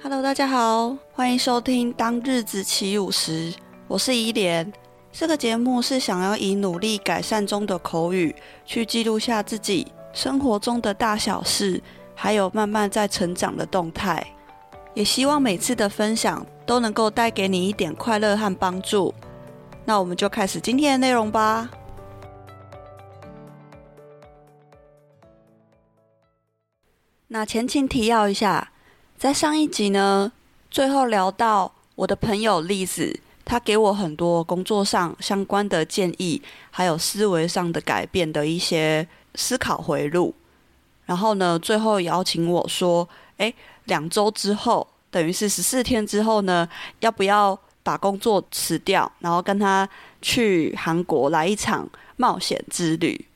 Hello，大家好，歡迎收聽《當日子起舞時》，我是伊蓮。這個節目是想要以努力改善中的口語，去記錄下自己生活中的大小事，還有慢慢在成長的動態。也希望每次的分享都能夠帶給你一點快樂和幫助。那我們就開始今天的內容吧。那前情提要一下。在上一集呢，最後聊到我的朋友麗子，他給我很多工作上相關的建議，還有思維上的改變的一些思考回路。然後呢，最後邀請我說：“哎、欸，兩周之後，等於是十四天之後呢，要不要把工作辭掉，然後跟他去韓國來一場冒險之旅？”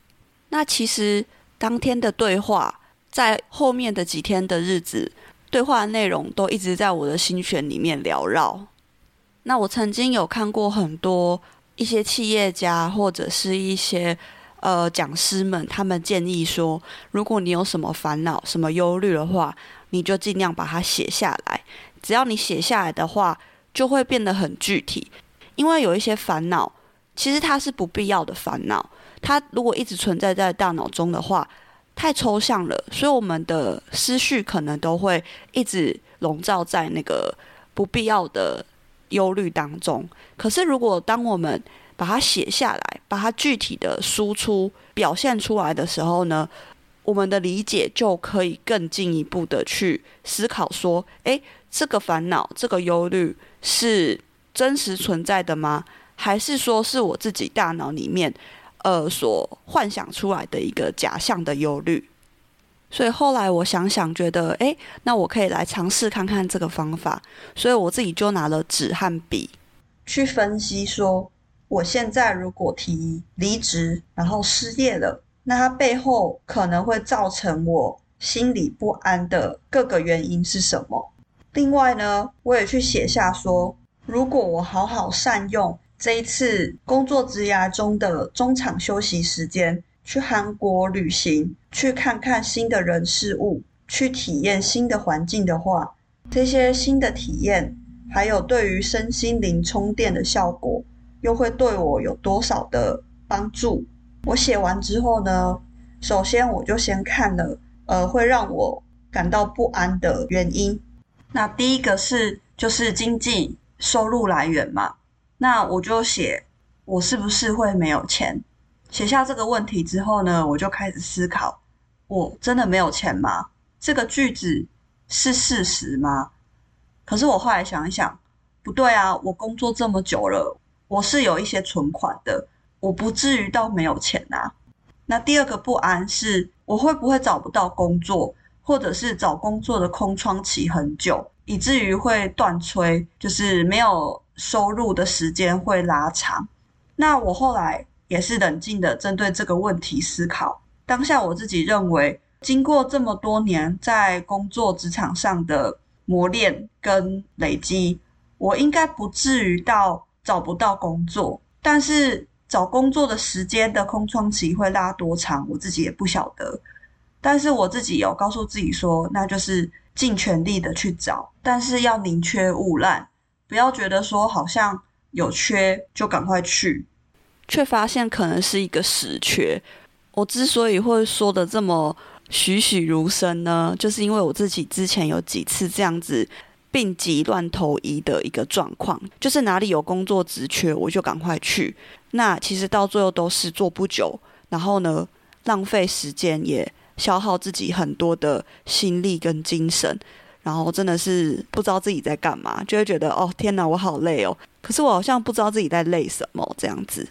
那其實當天的對話，在後面的幾天的日子。對話的內容都一直在我的心弦裡面繚繞。那我曾經有看過很多一些企業家或者是一些呃講師們，他們建議說，如果你有什麼煩惱、什麼憂慮的話，你就盡量把它寫下來。只要你寫下來的話，就會變得很具體。因為有一些煩惱，其實它是不必要的煩惱。它如果一直存在在大腦中的話，太抽象了，所以我們的思緒可能都會一直籠罩在那個不必要的憂慮當中。可是，如果當我們把它寫下來，把它具體的輸出表現出來的時候呢，我們的理解就可以更進一步的去思考：說，誒，這個煩惱、這個憂慮是真實存在的嗎？還是說是我自己大腦裡面？呃，所幻想出來的一個假象的憂慮，所以後來我想想，覺得誒，那我可以來嘗試看看這個方法。所以我自己就拿了紙和筆，去分析說，我現在如果提離職，然後失業了，那它背後可能會造成我心裡不安的各個原因是什麼？另外呢，我也去寫下說，如果我好好善用。這一次工作職涯中的中場休息時間，去韓國旅行，去看看新的人事物，去體驗新的環境的話，這些新的體驗，還有對於身心靈充電的效果，又會對我有多少的幫助？我寫完之後呢，首先我就先看了，呃，會讓我感到不安的原因。那第一個是，就是經濟收入來源嘛。那我就寫，我是不是會沒有錢？寫下這個問題之後呢，我就開始思考，我真的沒有錢嗎？這個句子是事實嗎？可是我後來想一想，不對啊，我工作這麼久了，我是有一些存款的，我不至於到沒有錢啊。那第二個不安是，我會不會找不到工作，或者是找工作的空窗期很久，以至於會斷炊，就是沒有。收入的時間會拉長。那我後來也是冷靜的針對這個問題思考。當下我自己認為，經過這麼多年在工作職場上的磨練跟累積，我應該不至於到找不到工作。但是找工作的時間的空窗期會拉多長，我自己也不曉得。但是我自己有告訴自己說，那就是盡全力的去找，但是要寧缺毋濫。不要覺得說好像有缺就趕快去，卻發現可能是一個死缺。我之所以會說得這麼栩栩如生呢，就是因為我自己之前有幾次這樣子病急亂投醫的一個狀況，就是哪裡有工作職缺我就趕快去。那其實到最後都是做不久，然後呢浪費時間也消耗自己很多的心力跟精神。然後真的是不知道自己在幹嘛，就會覺得哦天哪，我好累哦。可是我好像不知道自己在累什麼這樣子。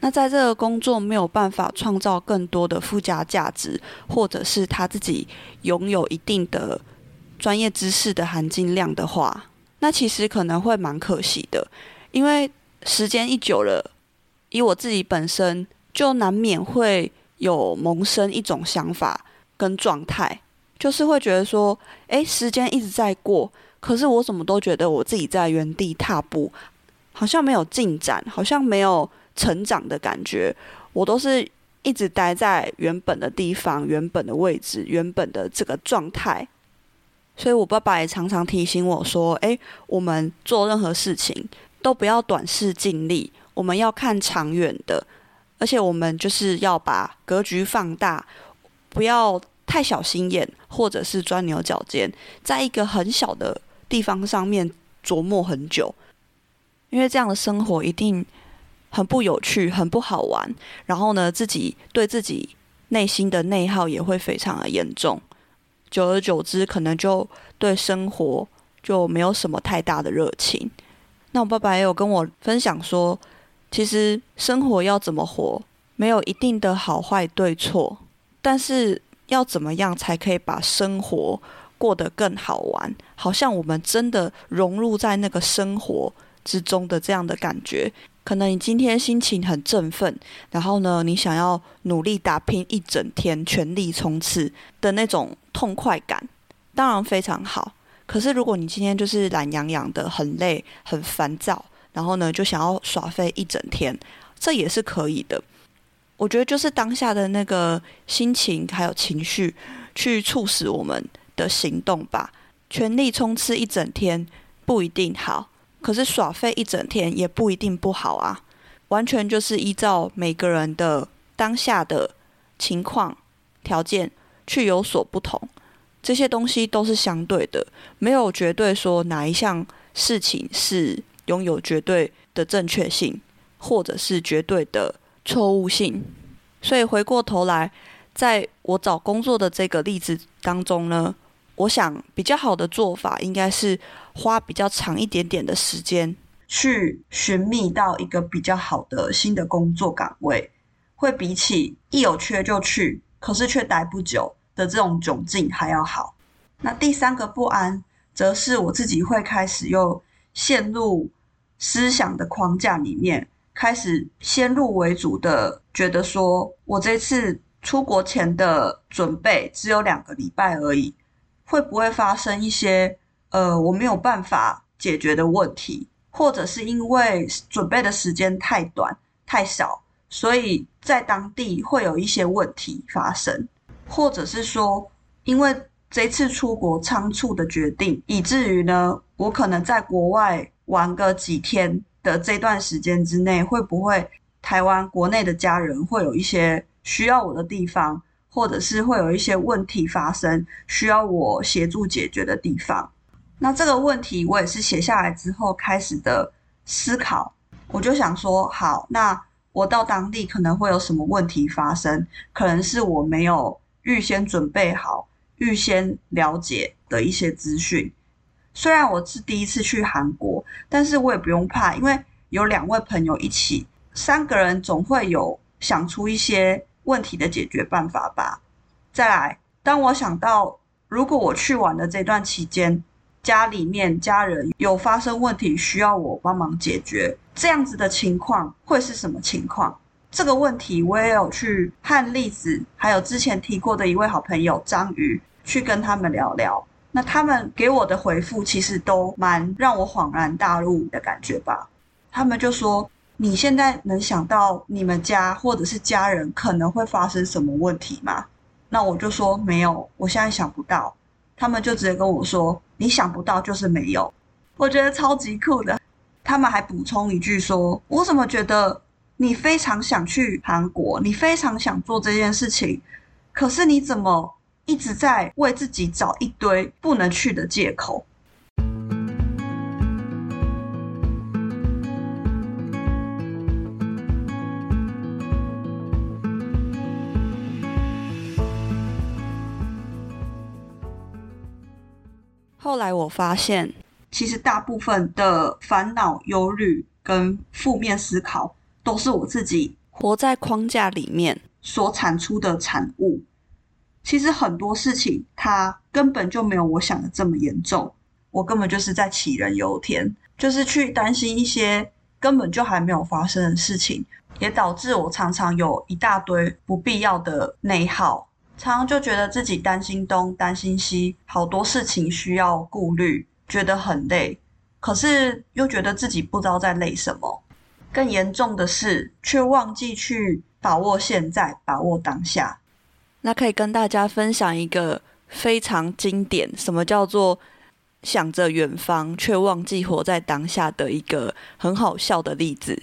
那在這個工作沒有辦法創造更多的附加價值，或者是他自己擁有一定的專業知識的含金量的話，那其實可能會蠻可惜的。因為時間一久了，以我自己本身，就難免會有萌生一種想法跟狀態。就是會覺得說，誒，時間一直在過，可是我怎麼都覺得我自己在原地踏步，好像沒有進展，好像沒有成長的感覺，我都是一直待在原本的地方、原本的位置、原本的這個狀態。所以我爸爸也常常提醒我說，誒，我們做任何事情都不要短視近利，我們要看長遠的，而且我們就是要把格局放大，不要太小心眼，或者是鑽牛角尖，在一個很小的地方上面琢磨很久，因為這樣的生活一定很不有趣，很不好玩。然後呢，自己對自己內心的內耗也會非常的嚴重，久而久之，可能就對生活就沒有什麼太大的熱情。那我爸爸也有跟我分享說，其實生活要怎麼活，沒有一定的好壞對錯，但是……要怎麼樣才可以把生活過得更好玩？好像我們真的融入在那個生活之中的這樣的感覺。可能你今天心情很振奮，然後呢，你想要努力打拼一整天，全力衝刺的那種痛快感，當然非常好。可是如果你今天就是懶洋洋的，很累、很煩躁，然後呢，就想要耍廢一整天，這也是可以的。我覺得就是當下的那個心情還有情緒，去促使我們的行動吧。全力衝刺一整天不一定好，可是耍廢一整天也不一定不好啊。完全就是依照每個人的當下的情況條件去有所不同。這些東西都是相對的，沒有絕對說哪一項事情是擁有絕對的正確性，或者是絕對的。錯誤性，所以回過頭來，在我找工作的這個例子當中呢，我想比較好的做法應該是花比較長一點點的時間去尋覓到一個比較好的新的工作崗位，會比起一有缺就去，可是卻待不久的這種窘境，還要好。那第三個不安，則是我自己會開始又陷入思想的框架裡面。開始先入為主的覺得說，我這次出國前的準備只有兩個禮拜而已，會不會發生一些呃我沒有辦法解決的問題，或者是因為準備的時間太短太少，所以在當地會有一些問題發生，或者是說因為這次出國倉促的決定，以至於呢我可能在國外玩個幾天的這段時間之內，會不會台灣國內的家人會有一些需要我的地方，或者是會有一些問題發生，需要我協助解決的地方？那這個問題我也是寫下來之後開始的思考，我就想說，好，那我到當地可能會有什麼問題發生，可能是我沒有預先準備好、預先了解的一些資訊。雖然我是第一次去韓國，但是我也不用怕，因為有兩位朋友一起，三個人總會有想出一些問題的解決辦法吧。再來，當我想到如果我去玩的這段期間，家裡面家人有發生問題需要我幫忙解決，這樣子的情況會是什麼情況？這個問題我也有去和栗子，還有之前提過的一位好朋友章魚去跟他們聊聊。那他們給我的回復其實都蠻讓我恍然大悟的感覺吧。他們就說：“你現在能想到你們家或者是家人可能會發生什麼問題嗎？”那我就說：“沒有，我現在想不到。”他們就直接跟我說：“你想不到就是沒有。”我覺得超級酷的。他們還補充一句說：“我怎麼覺得你非常想去韓國，你非常想做這件事情，可是你怎麼？”一直在為自己找一堆不能去的借口。後來我發現，其實大部分的煩惱、憂慮跟負面思考，都是我自己活在框架裡面所產出的產物。其實很多事情，它根本就沒有我想的這麼嚴重。我根本就是在杞人憂天，就是去擔心一些根本就還沒有發生的事情，也導致我常常有一大堆不必要的內耗，常常就覺得自己擔心東、擔心西，好多事情需要顧慮，覺得很累。可是又覺得自己不知道在累什麼。更嚴重的是，卻忘記去把握現在，把握當下。那可以跟大家分享一個非常經典，什麼叫做想着遠方卻忘記活在當下的一個很好笑的例子，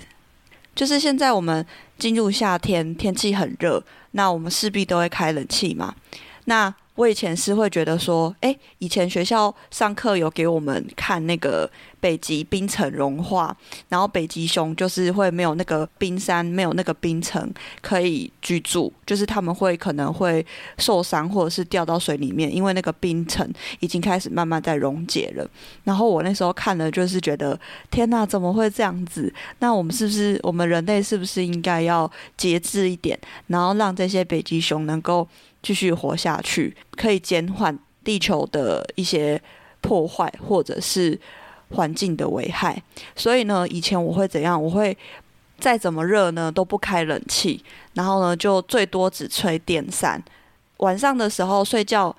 就是現在我們進入夏天，天氣很熱，那我們勢必都會開冷氣嘛，那。我以前是會覺得說，誒，以前學校上課有給我們看那個北極冰層融化，然後北極熊就是會沒有那個冰山，沒有那個冰層可以居住，就是他們會可能會受傷，或者是掉到水裡面，因為那個冰層已經開始慢慢在溶解了。然後我那時候看了，就是覺得天哪，怎麼會這樣子？那我們是不是我們人類是不是應該要節制一點，然後讓這些北極熊能夠，繼續活下去，可以減緩地球的一些破壞或者是環境的危害。所以呢，以前我會怎樣？我會再怎麼熱呢都不開冷氣，然後呢就最多只吹電扇。晚上的時候睡覺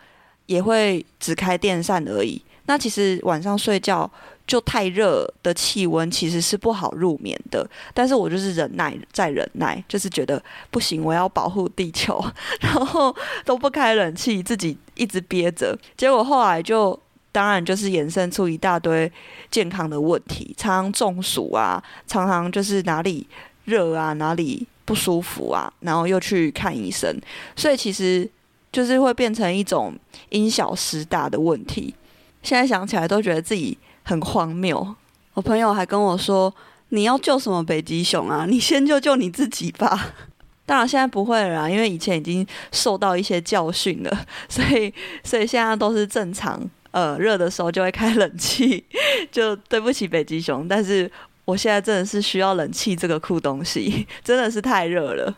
也會只開電扇而已。那其實晚上睡覺就太熱的氣溫其實是不好入眠的，但是我就是忍耐再忍耐，就是覺得不行，我要保護地球，然後都不開冷氣，自己一直憋着，結果後來就當然就是衍生出一大堆健康的問題，常常中暑啊，常常就是哪裡熱啊，哪裡不舒服啊，然後又去看醫生，所以其實就是會變成一種因小失大的問題。現在想起來都覺得自己很荒謬。我朋友還跟我說：“你要救什麼北極熊啊？你先救救你自己吧。”當然現在不會了啊，因為以前已經受到一些教訓了，所以所以現在都是正常。呃，熱的時候就會開冷氣，就對不起北極熊。但是我現在真的是需要冷氣這個酷東西，真的是太熱了。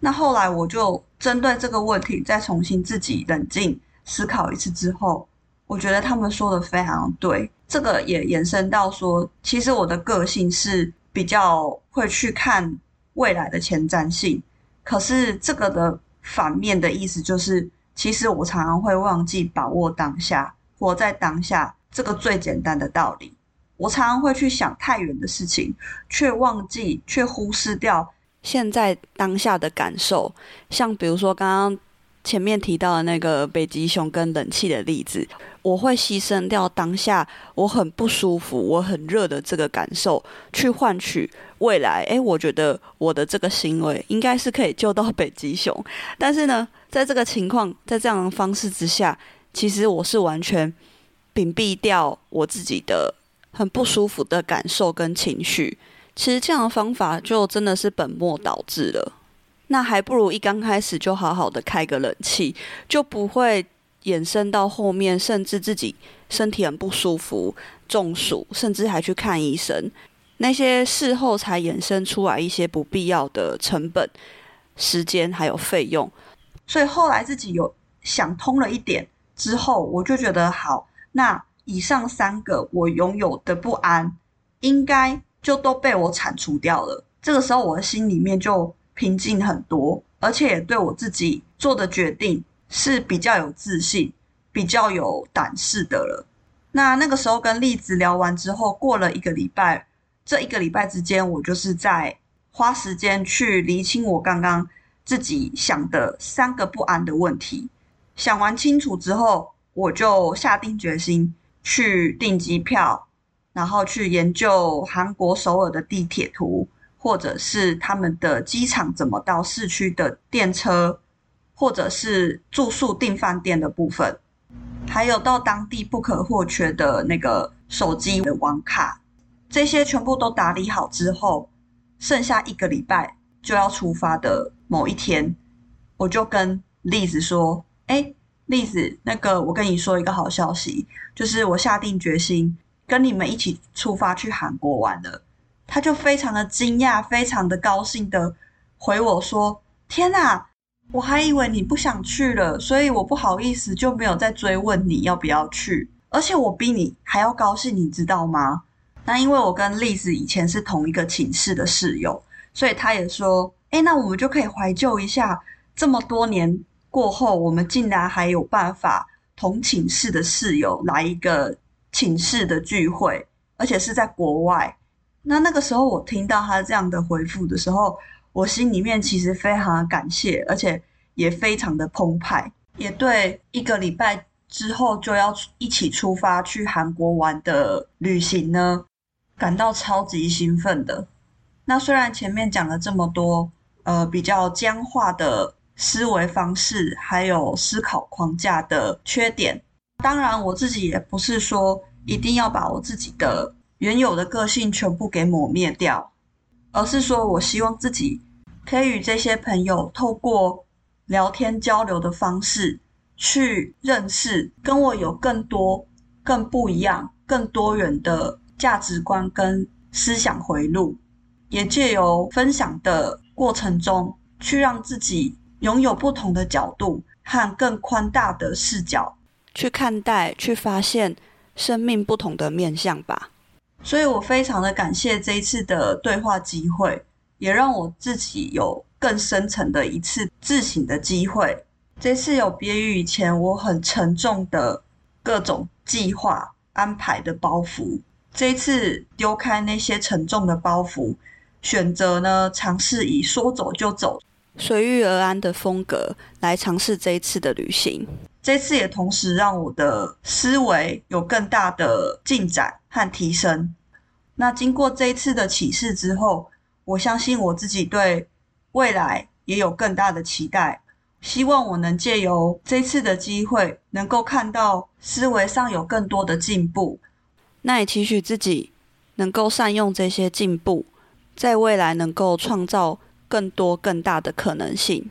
那後來我就針對這個問題，再重新自己冷靜思考一次之後。我覺得他們說的非常對，這個也延伸到說，其實我的個性是比較會去看未來的前瞻性，可是這個的反面的意思就是，其實我常常會忘記把握當下，活在當下，這個最簡單的道理。我常常會去想太遠的事情，卻忘記，卻忽視掉現在當下的感受，像比如說剛剛。前面提到的那個北極熊跟冷氣的例子，我會犧牲掉當下我很不舒服、我很熱的這個感受，去換取未來。哎，我覺得我的這個行為應該是可以救到北極熊，但是呢，在這個情況、在這樣的方式之下，其實我是完全屏蔽掉我自己的很不舒服的感受跟情緒。其實這樣的方法就真的是本末倒置了。那還不如一剛開始就好好的開個冷氣，就不會衍生到後面，甚至自己身體很不舒服、中暑，甚至還去看醫生。那些事後才衍生出來一些不必要的成本、時間還有費用。所以後來自己有想通了一點之後，我就覺得好，那以上三個我擁有的不安，應該就都被我鏟除掉了。這個時候，我的心裡面就平靜很多，而且也對我自己做的決定是比較有自信、比較有膽識的了。那那個時候跟例子聊完之後，過了一個禮拜，這一個禮拜之間，我就是在花時間去釐清我剛剛自己想的三個不安的問題。想完清楚之後，我就下定決心去訂機票，然後去研究韓國首爾的地鐵圖。或者是他們的機場怎麼到市區的電車，或者是住宿訂飯店的部分，還有到當地不可或缺的那個手機的網卡，這些全部都打理好之後，剩下一個禮拜就要出發的某一天，我就跟麗子說：“哎、欸，麗子，那個我跟你說一個好消息，就是我下定決心跟你們一起出發去韓國玩了。他就非常的驚訝，非常的高興的回我說：“天哪，我還以為你不想去了，所以我不好意思就沒有再追問你要不要去。而且我比你還要高興，你知道嗎？那因為我跟麗子以前是同一個寢室的室友，所以他也說：哎，那我們就可以懷舊一下，這麼多年過後，我們竟然還有辦法同寢室的室友來一個寢室的聚會，而且是在國外。”那那個時候，我聽到他這樣的回復的時候，我心裡面其實非常的感謝，而且也非常的澎湃，也對一個禮拜之後就要一起出發去韓國玩的旅行呢，感到超級興奮的。那雖然前面講了這麼多，呃，比較僵化的思維方式，還有思考框架的缺點，當然我自己也不是說一定要把我自己的原有的個性全部給抹滅掉，而是說我希望自己可以與這些朋友透過聊天交流的方式去認識跟我有更多、更不一樣、更多元的價值觀跟思想回路，也借由分享的過程中去讓自己擁有不同的角度和更寬大的視角去看待、去發現生命不同的面向吧。所以，我非常的感謝這一次的對話機會，也讓我自己有更深層的一次自省的機會。這次有別於以前我很沉重的各種計劃安排的包袱，這次丟開那些沉重的包袱，選擇呢嘗試以說走就走、隨遇而安的風格來嘗試這一次的旅行。這次也同時讓我的思維有更大的進展和提升。那經過這次的啟示之後，我相信我自己對未來也有更大的期待。希望我能借由這次的機會，能夠看到思維上有更多的進步。那也期許自己能夠善用這些進步，在未來能夠創造更多更大的可能性。